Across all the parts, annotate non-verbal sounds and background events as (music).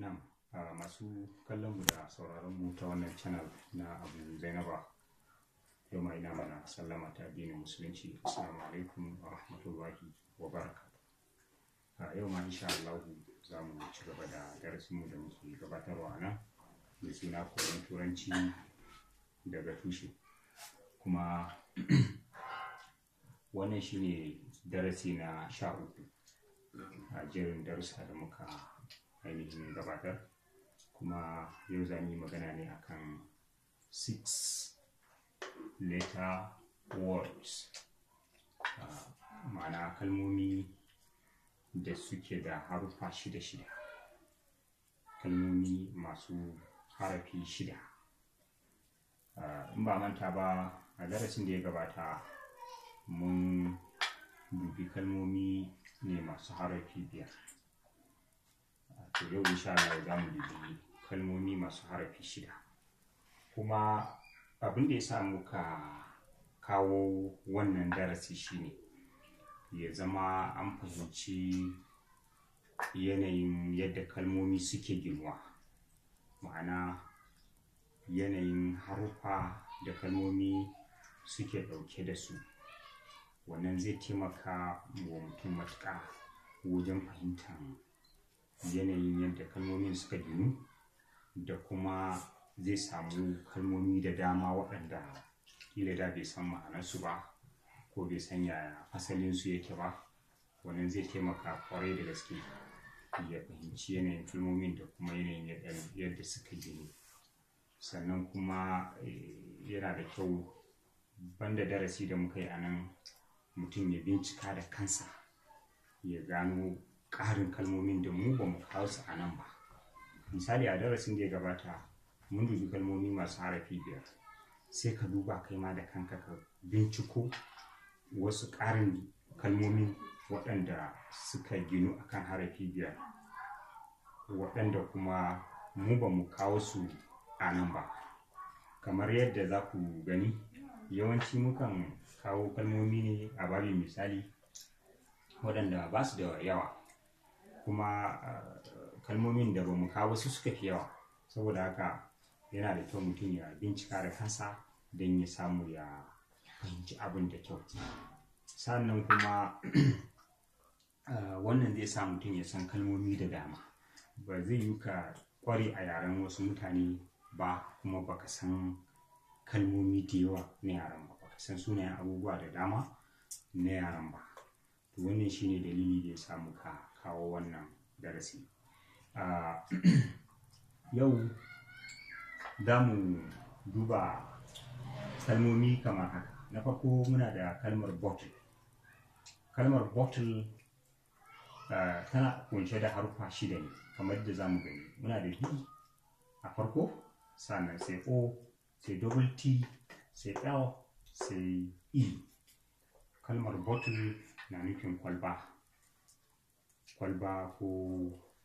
Nam, masu kallon mu da sauraron mu ta wannan channel na Abu Zainaba. Yau ma ina mana sallama ta addinin musulunci. Assalamu alaikum wa rahmatullahi wa barakatuh. A yau ma insha Allah za mu ci gaba da darasin mu da muke gabatarwa nan da suna koyon turanci daga tushe. Kuma (clears throat) wannan shine darasi na sha uku a jerin darussa da muka ainihin gabatar kuma yau za yi magana ne akan six letter words ah, ma'ana kalmomi da suke da haruffa shida-shida kalmomi masu harafi shida ah, in ba manta ba a darasin da ya gabata mun dubi kalmomi ne masu harafi biyar yau insha Allah za mu bibi kalmomi masu harafi shida kuma abin da ya sa muka kawo wannan darasi shine ya zama an fahimci yanayin yadda kalmomi suke girma ma'ana yanayin haruffa da kalmomi suke ɗauke da su wannan zai taimaka wa mutum matuƙa wajen fahimtar yanayin yadda kalmomin suka ginu da kuma zai samu kalmomi da dama waɗanda kila da bai san ma'anarsu ba ko bai san yaya asalinsu yake ba wannan zai taimaka kwarai da gaske ya fahimci yanayin kalmomin da kuma yanayin yadda suka gini sannan kuma eh, yana da kyau banda darasi da muka yi a nan mutum ya bincika da kansa ya gano ƙarin kalmomin da mu ba mu kawo su a nan ba misali a darasin da ya gabata mun dubi kalmomi masu harafi biyar sai ka duba kai ma da kanka ka binciko wasu ƙarin kalmomin waɗanda suka ginu akan harafi biyar waɗanda kuma mu ba mu kawo su a nan ba kamar yadda za ku gani yawanci mukan kawo kalmomi ne a babin misali waɗanda ba su da yawa kuma eh, kalmomin da ba mu kawo su suka fi yawa saboda haka yana da kyau mutum ya bincika da kansa don ya samu ya fahimci abin da kyau sannan kuma (clears throat) eh, wannan zai sa mutum ya san kalmomi da dama ba zai yi ka kware a yaren wasu mutane ba kuma baka san kalmomi da yawa na yaren ba baka san sunayen abubuwa da dama na yaren ba to wannan shine dalili da ya samu ka. kawo wannan darasi ah, (clears throat) yau za mu duba kalmomi kamar haka na farko muna da kalmar bottle kalmar bottle ah, tana kunshe da haruffa shida ne kamar da za mu gani muna da b a farko sannan sai o sai double t sai l sai e kalmar bottle na nufin kwalba kwalba ko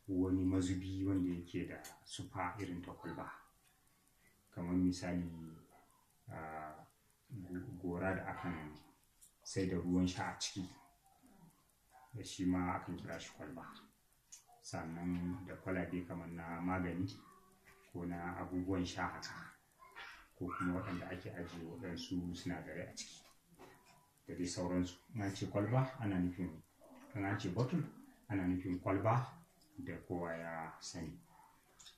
wani mazubi wanda yake da sufa irin ta kwalba kamar misali gora da akan sai da ruwan sha a ciki da shi ma akan kira shi kwalba sannan da kwalabe kamar na magani ko na abubuwan sha haka ko kuma waɗanda ake ajiye waɗansu sinadarai a ciki da dai sauransu na ce kwalba ana nufin an ce bottle ana nufin kwalba da kowa ya sani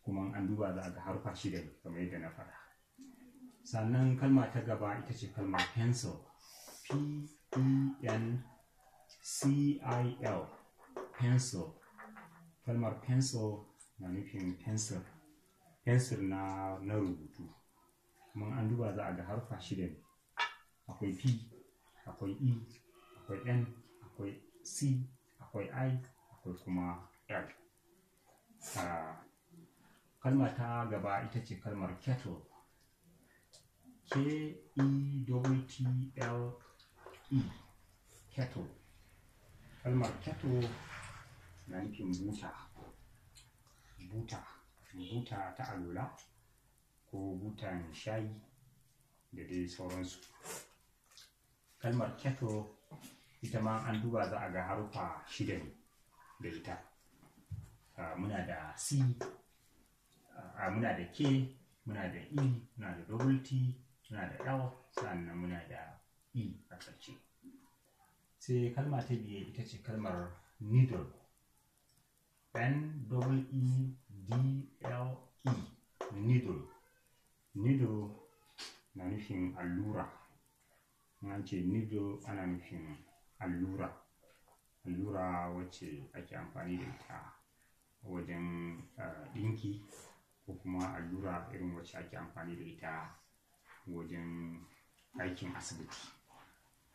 kuma an duba za a ga harfa shida ne kamar yadda na faɗa sannan kalma ta gaba ita ce kalmar pencil p-e-n-c-i-l pencil kalmar pencil na nufin pencil pencil na, na rubutu kuma an duba za a ga harfa shida ne akwai p akwai e akwai n akwai c akwai i Ko kuma l kalma ta gaba ita ce kalmar kettle k e t l e kettle kalmar kettle na nufin buta buta buta ta alola ko butan shayi da dai sauransu kalmar kettle ita ma an duba za a ga harufa shida ne da ita ah, muna da c ah, muna da k muna da e muna da double t muna da l sannan muna da e a ƙarshe sai kalma ta biye ita ce kalmar needle n double e d l e needle needle na nufin allura an ce needle ana nufin allura allura wacce ake amfani da ita wajen eh, ɗinki ko kuma allura irin wacce ake amfani da ita wajen aikin asibiti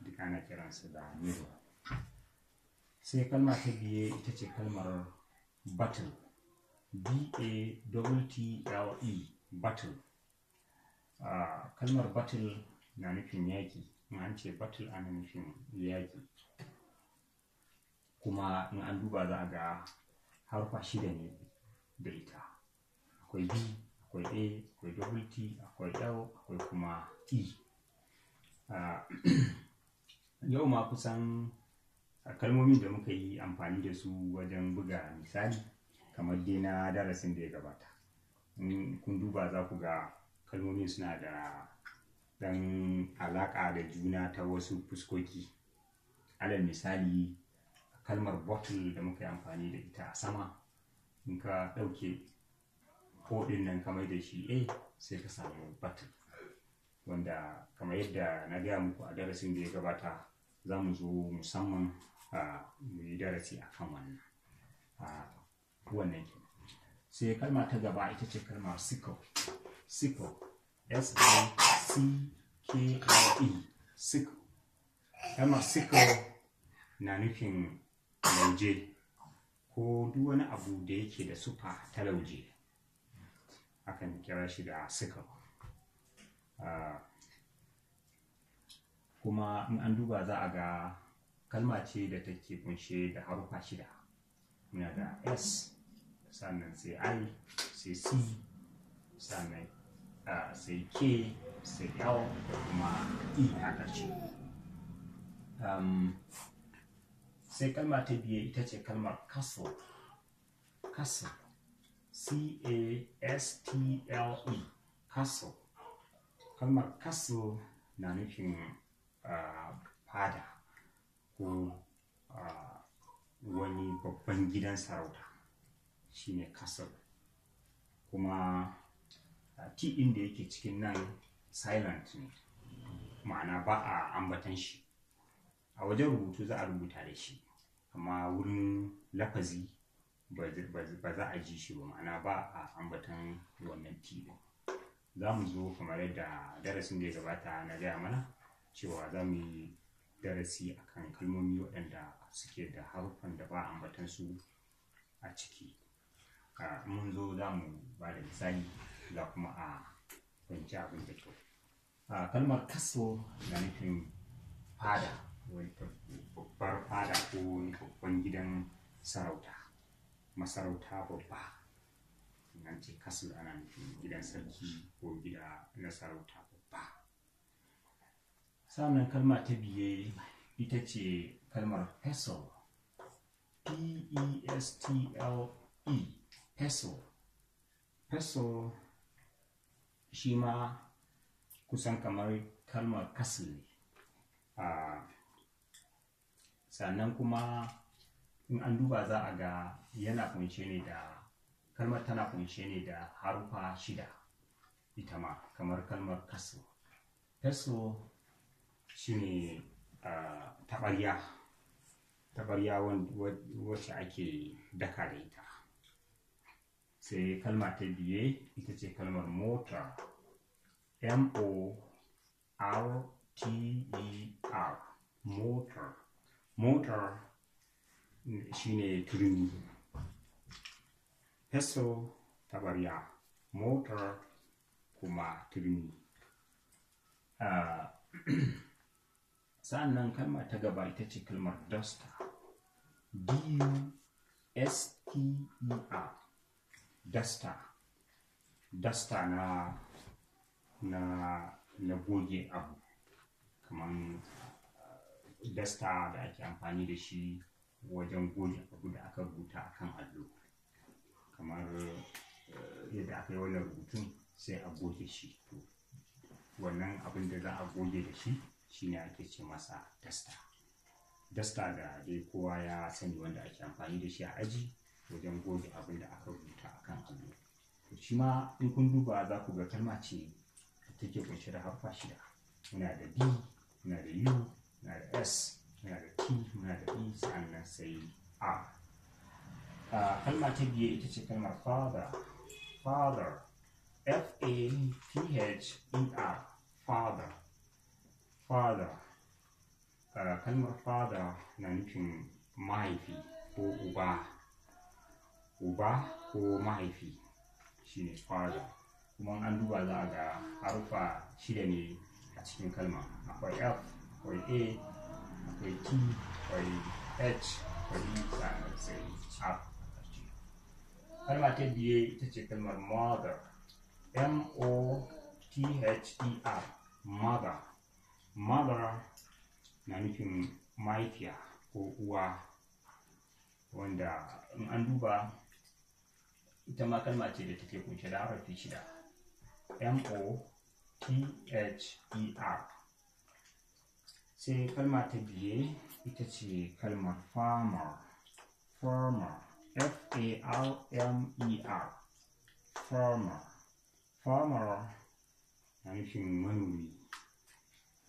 duk ana kiransa da miro sai kalma ta biye ita ce kalmar battle b a w t l e battle ah, kalmar battle na nufin yaƙi in an ce battle ana nufin yaƙi kuma in an duba za a ga harfa shida ne da ita akwai b akwai a akwai double akwai l akwai kuma e ah, (clears throat) yau ma kusan kalmomin da muka yi amfani da su wajen buga misali kamar dai na darasin da ya gabata kun duba za ku ga kalmomin suna da dan alaƙa da juna ta wasu fuskoki alal misali kalmar bottle da muka yi amfani da ita a sama in ka ɗauke ko ɗin nan ka mai da shi a sai ka samu bottle. wanda kamar yadda na gaya muku a darasin da ya gabata za mu zo musamman a yi darasi a kan wannan wannan ke sai kalma ta gaba ita ce kalma sickle sickle s i c k l e sickle kalmar sickle na nufin lauje ko duk wani abu da yake da sufa ta lauje akan kira shi da suka ah, kuma in an duba za a ga kalma ce da take kunshe da harufa shida muna da s sannan sai i sai c sannan ah, sai k sai l kuma e a ƙarshe um, sai kalma ta biye ita ce kalmar castle castle c-a-s-t-l-e castle kalmar castle na nufin ah, fada ko ah, wani babban gidan sarauta shi ne castle kuma t ah, inda da yake cikin nan silent ne ma'ana ba a ambatan shi a wajen rubutu za a rubuta da shi amma wurin lafazi ba za a ji shi ba ma'ana ba a ambatan wannan t za mu zo kamar yadda darasin da ya gabata na gaya mana cewa za mu yi darasi akan kalmomi waɗanda suke da haruffan da ba ambatan su a ciki mun zo za mu ba da misali za kuma a fahimci abin da kyau kalmar kaso na nufin fada wani babbar fada ko wani babban gidan sarauta masarauta babba nan ce kasul ana nufin gidan sarki ko gida na sarauta babba sannan kalma ta biye ita ce kalmar pestle p-e-s-t-l-e pestle pestle shi e. ma kusan kamar kalmar kasul ne sannan kuma in an duba za a ga yana kunshe ne da kalmar tana kunshe ne da harufa shida ita ma kamar kalmar kaso kaso ne taɓarya taɓarya wacce ake daka da ita sai kalma ta biye ita ce kalmar mota m o r t e r motor motar mm, shine turmi heso tabarya motar kuma turmi sa'an nan kalma ta gaba ita ce kalmar duster d-u-s-t-e-r duster duster na na na goge abu kamar dasta da ake amfani da shi wajen goge abu da aka rubuta a kan allo kamar eh, yadda aka yi wannan rubutun sai a goge shi to wannan abin da za a goge da shi shine ake ce masa dasta dasta da dai kowa ya sani wanda ake amfani da shi a aji wajen goge abin da aka rubuta a kan allo to shi ma in kun duba za ku ga kalma ce da take kunshe da harfa shida muna da b muna da u muna da s muna da t muna da e sa'annan sai r ah, kalma ta biye ita ce kalmar father father f a t h e r father father ah, kalmar father na nufin mahaifi ko uba uba ko mahaifi ne father kuma an duba za a ga harufa shida ne a cikin kalma akwai f akwai a akwai t akwai h akwai sannan sai a kalma ta biye ita ce kalmar mother m o t h e r mother mother na nufin mahaifiya ko uwa wanda in an duba ita ma kalma ce da take kunshe da harafi shida m o t h e r sai kalma ta biye ita ce kalmar farmer farmer e f-a-r-m-e-r farmer farmer na nufin manomi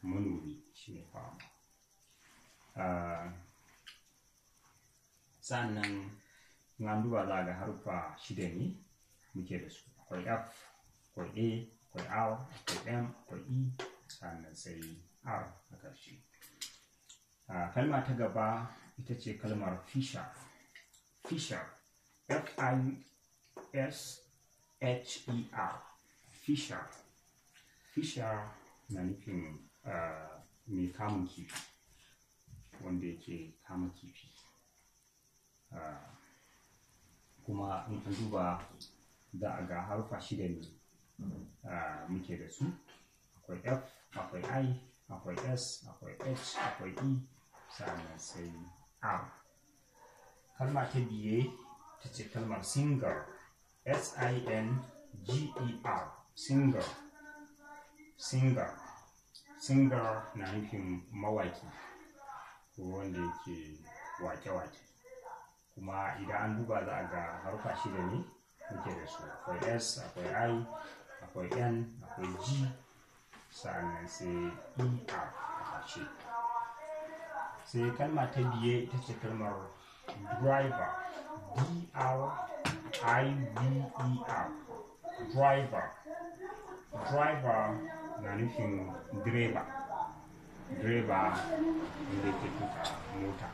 manomi shi ne farmer sannan na duba za ga harfa shida ne muke da su akwai f akwai a akwai r akwai m akwai e sannan sai r a ƙarshe kalma ta gaba ita ce kalmar fisher fisher f i s h e r fisher fisher na nufin mai kamun kifi wanda yake kama kifi kuma in an duba za a ga harufa shida ne muke da su akwai f akwai i akwai s akwai h akwai e sannan sai r kalma ta biye ta ce kalmar e singer, s-i-n-g-e-r singer, singer singer na nufin mawaki ko wanda yake wake-wake kuma idan an duba za a ga harfa shida ne muke da su akwai s akwai i akwai n akwai g sannan sai er a ƙarshe sai kalma ta biye ita ce kalmar driver d-r-i-v-e-r e driver driver na nufin direba direba inda ke tuka mota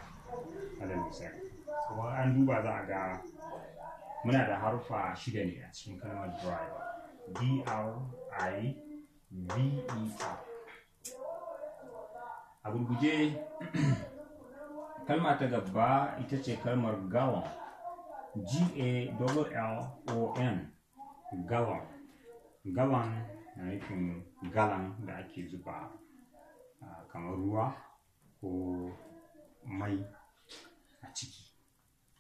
alal misali kuma an duba za a ga muna da harfa shida ne a cikin kalmar driver d-r-i VER e. a gurguje (clears throat) kalma ta gaba ita ce kalmar gawon g-a-l-l-o-n gawon gawon na nufin galan da ake zuba kamar ruwa ko mai a ciki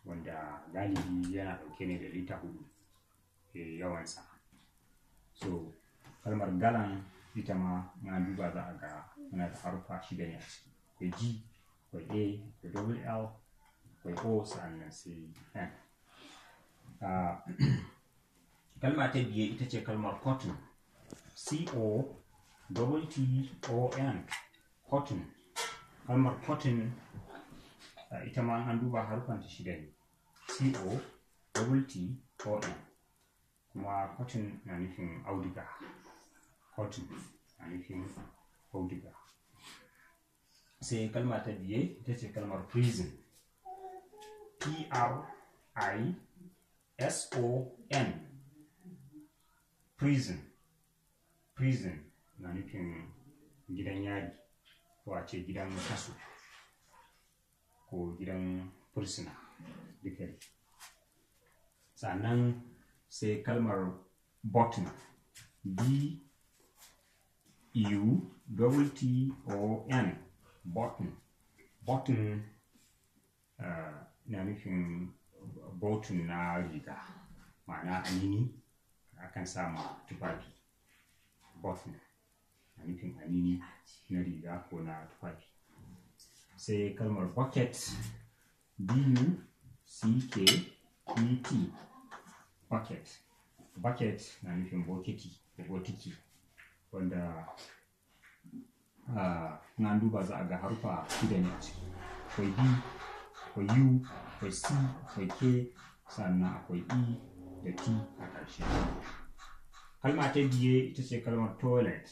wanda galibi yana dauke ne da lita hudu eh, yawansa so kalmar galan ita ma na duba za a ga muna da harufa shida ne a ciki akwai g akwai a da double l akwai o sannan sai n ah, (clears throat) kalma ta biye ita ce kalmar cotton c o double t o n cotton kalmar cotton ah, ita ma an duba ta shida ne c o double t o n kuma cotton na nufin auduga a nufin auduga sai kalma ta biye ita ce kalmar prison p-r-i-s-o-n prison prison na nufin gidan yari ko a ce gidan kaso ko gidan fursuna duka sannan sai kalmar botna b U double T O N button button uh, na nufin button na riga ma'ana anini akan sa ma tufafi button na nufin anini na riga ko na tufafi sai kalmar bucket b u c k e t bucket bucket na nufin bokiti ko botiki wanda ah, na duba za a ga harfa shida ne a ciki akwai b akwai u akwai c akwai k sannan akwai e da t a ƙarshe kalma ta biye ita ce kalmar toilet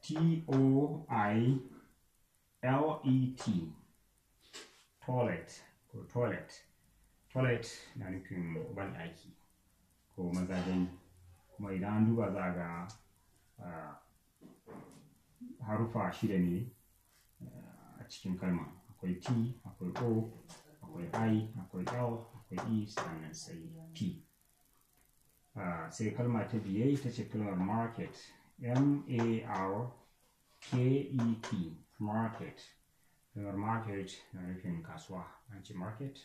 t-o-i-l-e-t e toilet ko toilet toilet na nufin banɗaki ko mazajen kuma idan an duba za a ga Ah, harufa shida ne eh, a cikin kalma akwai T akwai O akwai I akwai L akwai E sannan sai P ah, sai kalma ta biye ta ce kalmar market M-A-R-K-E-T market kalmar market na nufin kasuwa an ce market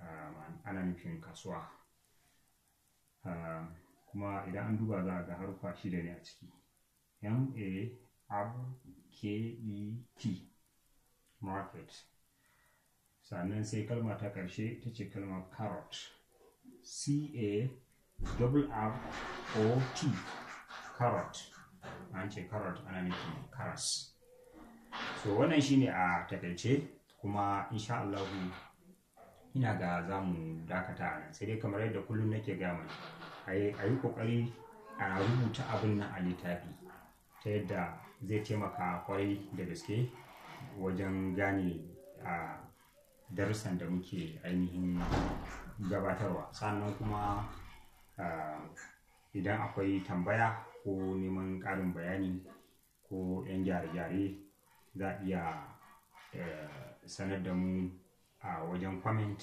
ah, ana nufin kasuwa kuma idan an duba za a ga haruffa shida ne a ciki m a r k e t market sannan sai kalma ta ƙarshe ta ce kalma carrot c a double r o t carrot an ce carrot ana nufin karas so wannan shine a takaice kuma insha Allahu ina ga za mu dakata sai dai kamar yadda kullum nake gama a yi ƙoƙari a rubuta abin nan a littafi ta yadda zai taimaka kwarai da gaske wajen gane a darussan da muke ainihin gabatarwa sannan kuma idan akwai tambaya ko neman ƙarin bayani ko 'yan gyare-gyare za a iya e, sanar da mu a wajen comment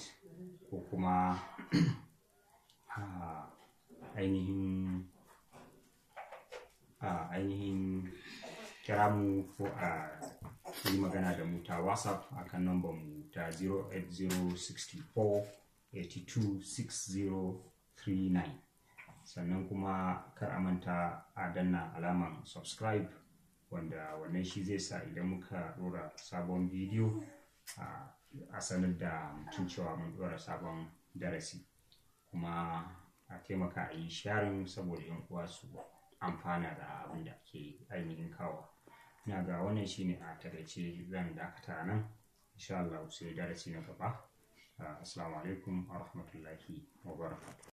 ko kuma ainihin a ainihin kira mu ko a yi magana da mu ta whatsapp a kan namban mu ta 08064 39, sannan kuma kar a manta a danna alaman subscribe wanda wannan shi zai sa idan muka dora sabon bidiyo a sanar da mutum cewa mun dora sabon darasi kuma a taimaka a yi sharing saboda yan uwa su amfana da abin da ke ainihin kawa Na ga wannan shine a takaice zan dakata nan insha Allah sai darasi na gaba assalamu alaikum wa rahmatullahi wa barakatuh